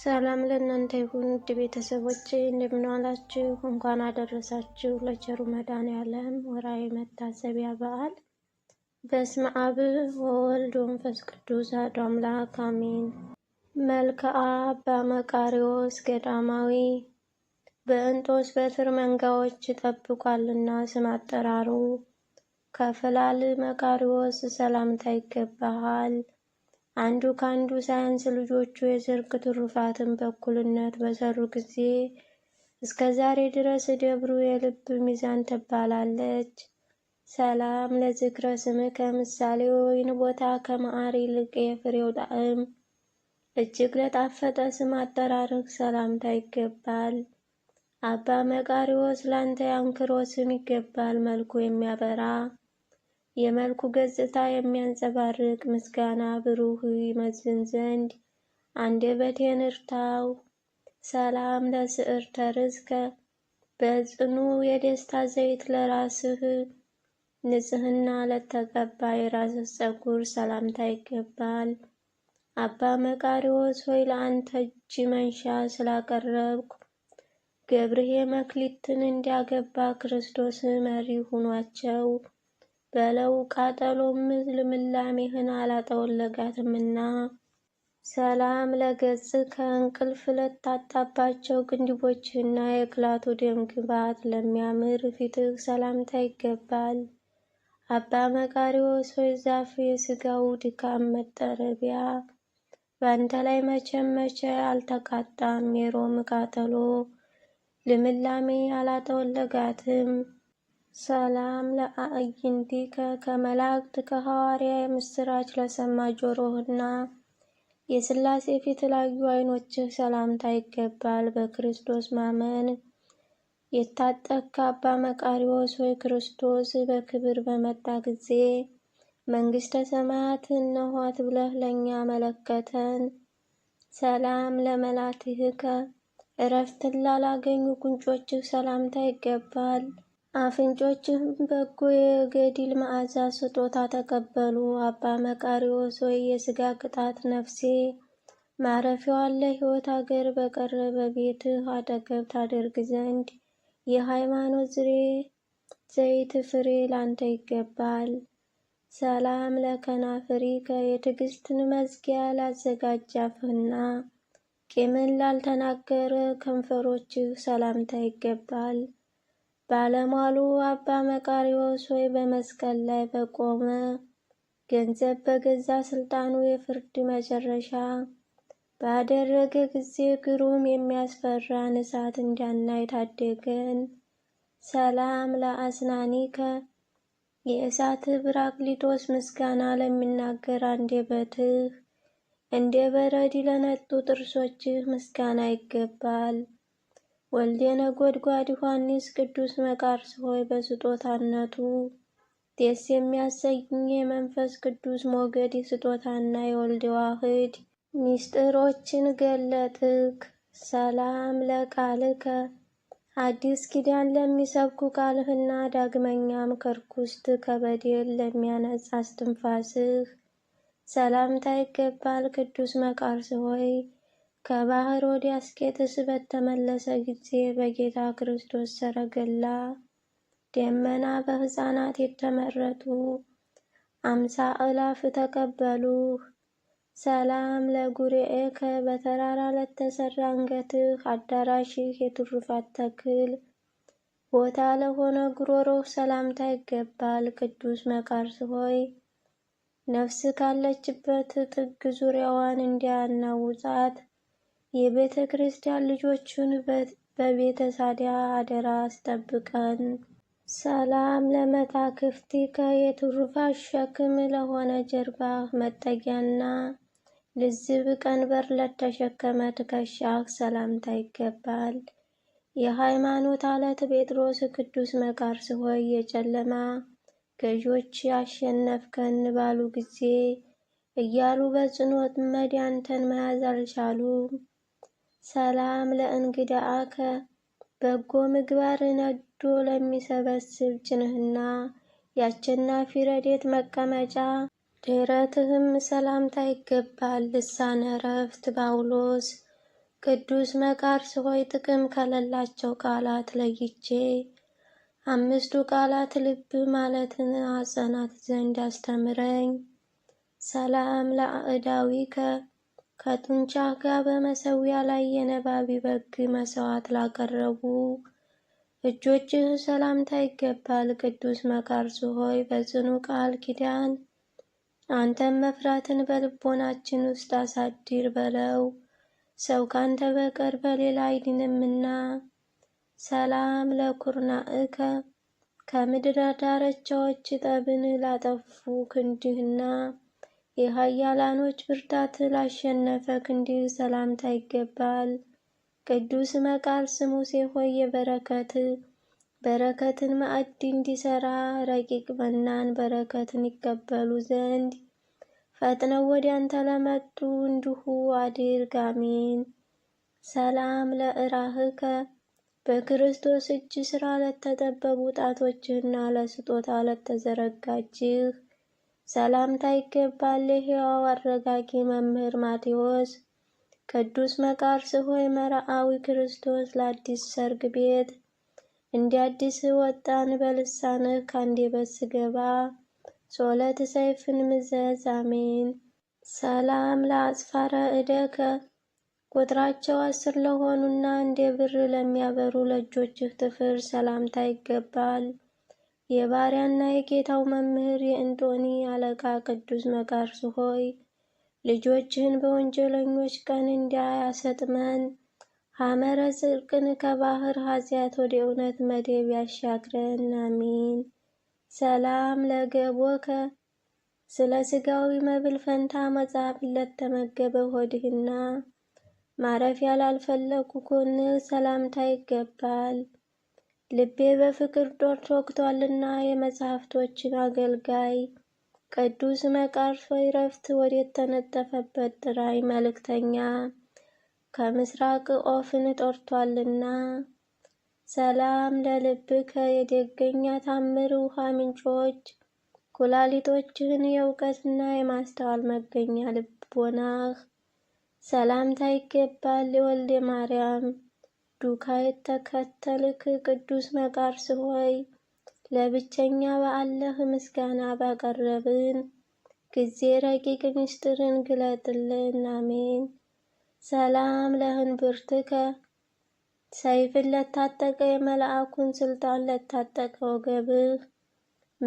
ሰላም ለእናንተ ይሁን ውድ ቤተሰቦች፣ ዋላችሁ? እንኳን አደረሳችሁ ለቸሩ መድኃኔዓለም ወርሃዊ መታሰቢያ በዓል። በስመ አብ ወወልድ ወመንፈስ ቅዱስ አሐዱ አምላክ አሜን። መልክዓ አባ መቃርዮስ ገዳማዊ በእንጦስ በትር መንጋዎች ጠብቋልና ስም አጠራሩ ከፍላል መቃርዮስ ሰላምታ ይገባሃል። አንዱ ከአንዱ ሳያንስ ልጆቹ የሰርክ ትሩፋትን በእኩልነት በሰሩ ጊዜ እስከ ዛሬ ድረስ ደብሩ የልብ ሚዛን ትባላለች። ሰላም ለዝክረ ስምከ ምሳሌ ወይን ቦታ ከመዓር ይልቅ የፍሬው ጣዕም እጅግ ለጣፈጠ ስም አጠራርህ ሰላምታ ይገባል። አባ መቃሪዎስ ላንተ የአንክሮ ስም ይገባል መልኩ የሚያበራ የመልኩ ገጽታ የሚያንጸባርቅ ምስጋና ብሩህ ይመዝን ዘንድ አንደበቴን እርታው። ሰላም ለስዕር ተርዝከ በጽኑ የደስታ ዘይት ለራስህ ንጽህና ለተቀባ የራስ ጸጉር ሰላምታ ይገባል። አባ መቃሪዎስ ሆይ ለአንተ እጅ መንሻ ስላቀረብኩ ገብርሄ መክሊትን እንዲያገባ ክርስቶስ መሪ ሁኗቸው። በለው ቃጠሎ ቃጠሎም ልምላሜህን አላጠወለጋትምና ሰላም ለገጽ ከእንቅልፍ ለታጣባቸው ግንድቦችና የክላቱ ደም ግባት ለሚያምር ፊትህ ሰላምታ ይገባል። አባ መቃሪዎስ ሆይ ዛፍ የስጋው ድካም መጠረቢያ በአንተ ላይ መቼም መቼ አልተቃጣም። የሮም ቃጠሎ ልምላሜ አላጠወለጋትም። ሰላም ለአዕይንቲከ ከመላእክት ከሐዋርያ የምስራች ለሰማ ጆሮህና የስላሴ ፊት ላዩ አይኖችህ ሰላምታ ይገባል። በክርስቶስ ማመን የታጠቅከ አባ መቃሪዎስ ሆይ ክርስቶስ በክብር በመጣ ጊዜ መንግሥተ ሰማያት እነኋት ብለህ ለእኛ መለከተን። ሰላም ለመላትህከ እረፍትን ላላገኙ ጉንጮችህ ሰላምታ ይገባል። አፍንጮችም በጎ የገድል መዓዛ ስጦታ ተቀበሉ። አባ መቃሪዎስ ወይ የስጋ ቅጣት ነፍሴ ማረፊያዋን ለሕይወት አገር በቀረበ ቤትህ አጠገብ ታደርግ ዘንድ የሃይማኖት ዝሬ ዘይት ፍሬ ላንተ ይገባል። ሰላም ለከናፍሪከ የትዕግስትን መዝጊያ ላዘጋጃፍህና ቂምን ላልተናገረ ከንፈሮችህ ሰላምታ ይገባል። ባለሟሉ አባ መቃሪዎስ ወይ በመስቀል ላይ በቆመ ገንዘብ በገዛ ስልጣኑ የፍርድ መጨረሻ ባደረገ ጊዜ ግሩም የሚያስፈራን እሳት እንዳናይ ታደገን። ሰላም ለአስናኒከ የእሳት ብራክሊቶስ ምስጋና ለሚናገር አንደበትህ እንደ በረድ ለነጡ ጥርሶችህ ምስጋና ይገባል። ወልደ ነጎድጓድ ዮሐንስ ቅዱስ መቃርስ ሆይ በስጦታነቱ ደስ የሚያሰኝ የመንፈስ ቅዱስ ሞገድ የስጦታና የወልድ ዋህድ ሚስጥሮችን ገለጥክ። ሰላም ለቃልከ አዲስ ኪዳን ለሚሰብኩ ቃልህና ዳግመኛም ከርኩስት ከበደል ለሚያነጻ እስትንፋስህ ሰላምታ ይገባል። ቅዱስ መቃርስ ሆይ ከባህር ወደ አስቄጥስ በተመለሰ ጊዜ በጌታ ክርስቶስ ሰረገላ ደመና በሕፃናት የተመረጡ አምሳ እላፍ ተቀበሉ ሰላም ለጉርኤከ በተራራ ለተሰራ አንገትህ አዳራሽህ የትሩፋት ተክል ቦታ ለሆነ ጉሮሮህ ሰላምታ ይገባል። ቅዱስ መቃርስ ሆይ ነፍስ ካለችበት ጥግ ዙሪያዋን እንዲያናውጻት የቤተ ክርስቲያን ልጆቹን በቤተ ሳዲያ አደራ አስጠብቀን። ሰላም ክፍቲ ከየትሩፋ ሸክም ለሆነ ጀርባ መጠጊያና ልዝብ ቀንበር ለተሸከመ ትከሻህ ሰላምታ ይገባል። የሃይማኖት አለት ጴጥሮስ ቅዱስ መቃርስ ሆይ የጨለማ ገዦች ያሸነፍከን ባሉ ጊዜ እያሉ በጽኖት መዳንተን መያዝ አልቻሉም። ሰላም ለእንግዳአከ በጎ ምግባር ነዶ ለሚሰበስብ ጭንህና የአሸናፊ ረዴት መቀመጫ ድረትህም ሰላምታ ይገባል። ልሳነ እረፍት ጳውሎስ ቅዱስ መቃርስ ሆይ ጥቅም ከሌላቸው ቃላት ለይቼ አምስቱ ቃላት ልብ ማለትን አጸናት ዘንድ አስተምረኝ። ሰላም ለአእዳዊከ ከጡንቻ ጋር በመሠዊያ ላይ የነባቢ በግ መሥዋዕት ላቀረቡ እጆችህ ሰላምታ ይገባል። ቅዱስ መቃርስ ሆይ በጽኑ ቃል ኪዳን አንተም መፍራትን በልቦናችን ውስጥ አሳድር በለው። ሰው ካንተ በቀር በሌላ አይድንምና። ሰላም ለኩርናእከ ከምድር ዳርቻዎች ጠብን ላጠፉ ክንድህና የኃያላኖች ብርታት ላሸነፈ ክንድህ ሰላምታ ይገባል። ቅዱስ መቃል ስሙ ሴሆይ የበረከት በረከትን ማዕድ እንዲሰራ ረቂቅ መናን በረከትን ይቀበሉ ዘንድ ፈጥነው ወደ አንተ ለመጡ እንዲሁ አድርግ አሜን። ሰላም ለእራህከ በክርስቶስ እጅ ስራ ለተጠበቡ ጣቶችህና ለስጦታ ለተዘረጋችህ ሰላምታ ይገባል። ሕያው አረጋጊ መምህር ማቴዎስ ቅዱስ መቃርስ ሆይ መርአዊ ክርስቶስ ለአዲስ ሰርግ ቤት እንዲ አዲስ ወጣን በልሳንህ ካንደበት ስገባ ሶለት ሰይፍን ምዘዝ አሜን። ሰላም ለአጽፋረ እደከ ቁጥራቸው አስር ለሆኑና እንደ ብር ለሚያበሩ ለእጆችህ ጥፍር ሰላምታ ይገባል። የባሪያና የጌታው መምህር የእንጦኒ አለቃ ቅዱስ መቃርስ ሆይ ልጆችህን በወንጀለኞች ቀን እንዳያሰጥመን ሐመረ ጽድቅን ከባህር ኃጢአት ወደ እውነት መደብ ያሻግረን። አሚን። ሰላም ለገቦከ ስለ ስጋዊ መብል ፈንታ መጽሐፍ ለተመገበ ሆድህና ማረፊያ ላልፈለጉ ኮንህ ሰላምታ ይገባል። ልቤ በፍቅር ጦር ተወግቷልና የመጽሐፍቶችን አገልጋይ ቅዱስ መቃርሶ ይረፍት ወዴት ተነጠፈበት ጥራይ መልእክተኛ ከምስራቅ ኦፍን ጦርቷልና ሰላም ለልብከ የደገኛ ታምር ውሃ ምንጮች ኩላሊቶችህን የእውቀትና የማስተዋል መገኛ ልቦናህ ሰላምታ ይገባል የወልደ ማርያም ዱካ የተከተልክ ቅዱስ መቃርስ ሆይ ለብቸኛ በአለህ ምስጋና ባቀረብን ጊዜ ረቂቅ ምስጢርን ግለጥልን። አሜን። ሰላም ለህንብርትከ ሰይፍን ለታጠቀ የመልአኩን ስልጣን ለታጠቀ ወገብህ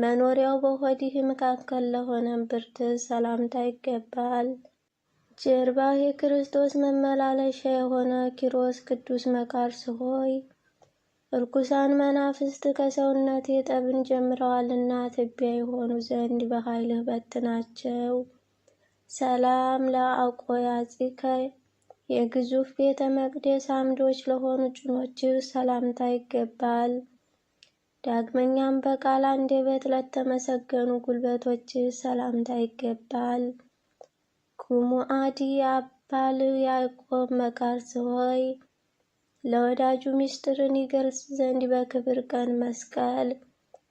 መኖሪያው በሆዲህ መካከል ለሆነ ብርት ሰላምታ ይገባል። ጀርባህ የክርስቶስ መመላለሻ የሆነ ኪሮስ ቅዱስ መቃርስ ሆይ እርኩሳን መናፍስት ከሰውነት ጠብን ጀምረዋልና ትቢያ የሆኑ ዘንድ በኃይልህ በትናቸው። ሰላም ለአቆያጺከ የግዙፍ ቤተ መቅደስ አምዶች ለሆኑ ጭኖችህ ሰላምታ ይገባል። ዳግመኛም በቃል አንደበት ለተመሰገኑ ጉልበቶችህ ሰላምታ ይገባል። ኩሙ አዲ አባል ያዕቆብ መቃርስ ሆይ ለወዳጁ ምስጢርን ይገልጽ ዘንድ በክብር ቀን መስቀል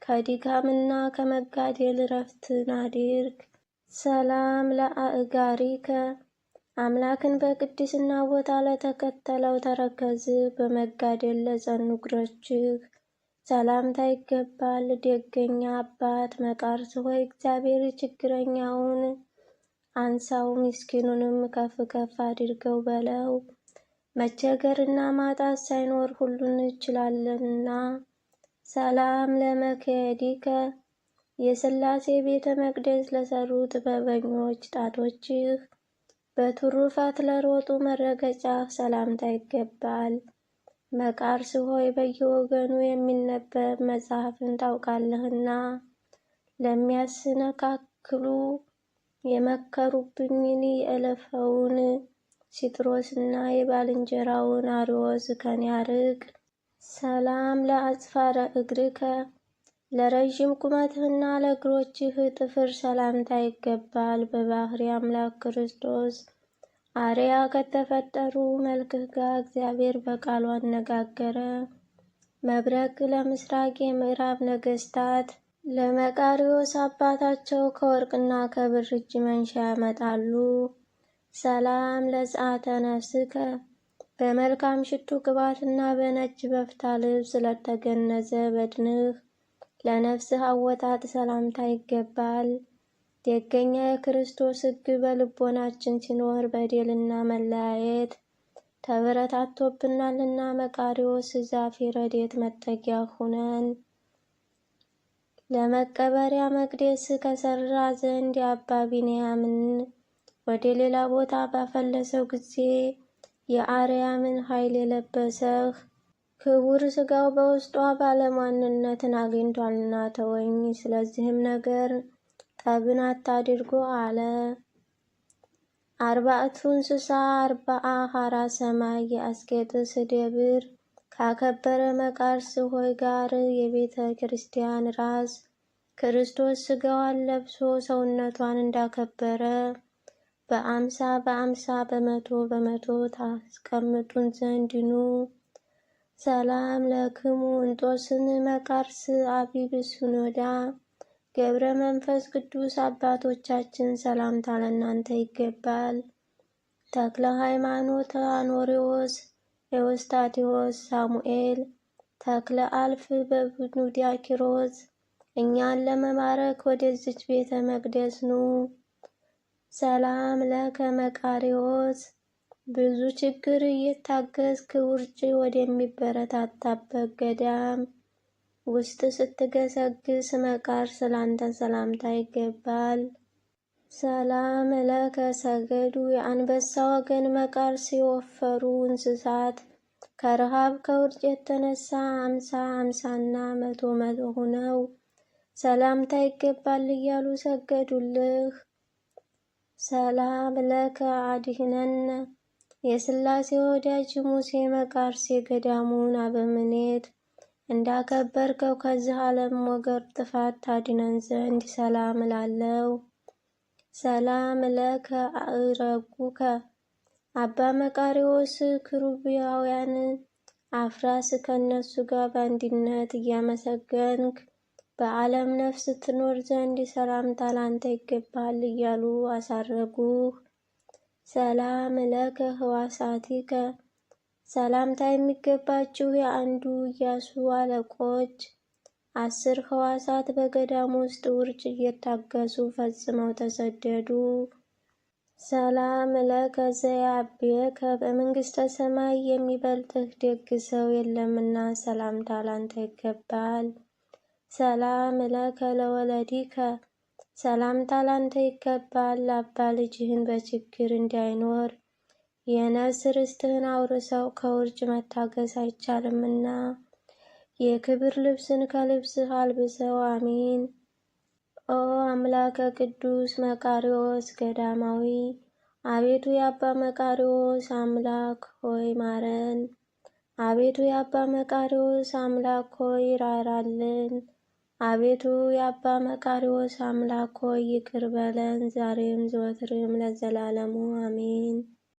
ከድካምና ከመጋደል ረፍትን አድርግ። ሰላም ለአእጋሪከ አምላክን በቅድስና ቦታ ለተከተለው ተረከዝ በመጋደል ለጸኑ እግሮችህ ሰላምታ ይገባል። ደገኛ አባት መቃርስ ሆይ እግዚአብሔር ችግረኛውን አንሳው ምስኪኑንም ከፍ ከፍ አድርገው በለው። መቸገርና ማጣት ሳይኖር ሁሉን እንችላለንና። ሰላም ለመከዲከ የሥላሴ ቤተ መቅደስ ለሰሩ ጥበበኞች ጣቶችህ በትሩፋት ለሮጡ መረገጫ ሰላምታ ይገባል። መቃርስ ሆይ በየወገኑ የሚነበብ መጽሐፍን ታውቃለህና ለሚያስነካክሉ የመከሩብኝን የእለፈውን ሲጥሮስና የባልንጀራውን አርዮስ ከኔ አርቅ። ሰላም ለአጽፋረ እግርከ ለረዥም ቁመትህና ለእግሮችህ ጥፍር ሰላምታ ይገባል። በባህሪ አምላክ ክርስቶስ አርያ ከተፈጠሩ መልክህ ጋር እግዚአብሔር በቃሉ አነጋገረ። መብረቅ ለምስራቅ የምዕራብ ነገስታት ለመቃሪዎስ አባታቸው ከወርቅና ከብር እጅ መንሻ ያመጣሉ። ሰላም ለፀአተ ነፍስከ በመልካም ሽቱ ቅባትና በነጭ በፍታ ልብስ ስለተገነዘ በድንህ ለነፍስህ አወጣጥ ሰላምታ ይገባል። የገኛ የክርስቶስ ሕግ በልቦናችን ሲኖር በደልና መለያየት ተበረታቶብናልና መቃሪዎስ ዛፍ ረድኤት መጠጊያ ሁነን። ለመቀበሪያ መቅደስ ከሰራ ዘንድ የአባ ቢንያምን ወደ ሌላ ቦታ ባፈለሰው ጊዜ የአርያምን ኃይል የለበሰህ ክቡር ስጋው በውስጧ ባለማንነትን አግኝቷልና ተወኝ፣ ስለዚህም ነገር ጠብን አታድርጎ አለ። አርባዕቱ እንስሳ አርባአ ሐራ ሰማይ የአስቄጥስ ደብር ካከበረ መቃርስ ሆይ ጋር የቤተ ክርስቲያን ራስ ክርስቶስ ስጋዋን ለብሶ ሰውነቷን እንዳከበረ በአምሳ በአምሳ በመቶ በመቶ ታስቀምጡን ዘንድ ሰላም ለክሙ እንጦስን መቃርስ አቢብ ስኖዳ ገብረ መንፈስ ቅዱስ አባቶቻችን ሰላምታ ለእናንተ ይገባል። ተክለ ሃይማኖት አኖሪዎስ ኤዎስታቴዎስ፣ ሳሙኤል ተክለ አልፍ በቡድኑ ዲያኪሮስ እኛን ለመማረክ ወደዚች ቤተ መቅደስ ኑ። ሰላም ለከ መቃሪዎስ ብዙ ችግር እየታገስክ ውርጭ ወደሚበረታታበት ገዳም ውስጥ ስትገሰግስ መቃር ስላንተ ሰላምታ ይገባል። ሰላም ለከ ሰገዱ የአንበሳ ወገን መቃር ሲወፈሩ እንስሳት ከረሃብ ከውርጭ የተነሳ አምሳ አምሳና መቶ መቶ ሆነው ሰላምታ ይገባል እያሉ ሰገዱልህ። ሰላም ለከ አድህነነ የስላሴ ወዳጅ ሙሴ መቃርሴ ገዳሙን አበምኔት እንዳከበርከው ከዚህ ዓለም ወገር ጥፋት ታድነን ዘንድ ሰላም እላለው። ሰላም ለከ አእረጉከ አባ መቃሪዎስ ክሩቢያውያንን አፍራስ ከእነሱ ጋር በአንድነት እያመሰገንክ በዓለም ነፍስ ትኖር ዘንድ ሰላምታ ላንተ ይገባል እያሉ አሳረጉህ። ሰላም ለከ ህዋሳቲከ ሰላምታ የሚገባችሁ የአንዱ እያሱ አለቆች አስር ህዋሳት በገዳም ውስጥ ውርጭ እየታገሱ ፈጽመው ተሰደዱ። ሰላም ለከ ዘያቤከ በመንግስተ ሰማይ የሚበልጥህ ደግ ሰው የለምና ሰላምታ ላንተ ይገባል። ሰላም ለከ ለወለዲከ ሰላምታ ላንተ ይገባል። አባ ልጅህን በችግር እንዳይኖር የነፍስ ርስትህን አውርሰው ከውርጭ መታገስ አይቻልምና የክብር ልብስን ከልብስህ አልብሰው። አሜን። ኦ አምላከ ቅዱስ መቃሪዎስ ገዳማዊ፣ አቤቱ የአባ መቃሪዎስ አምላክ ሆይ ማረን። አቤቱ የአባ መቃሪዎስ አምላክ ሆይ ራራልን። አቤቱ የአባ መቃሪዎስ አምላክ ሆይ ይቅር በለን ዛሬም ዘወትርም ለዘላለሙ አሜን።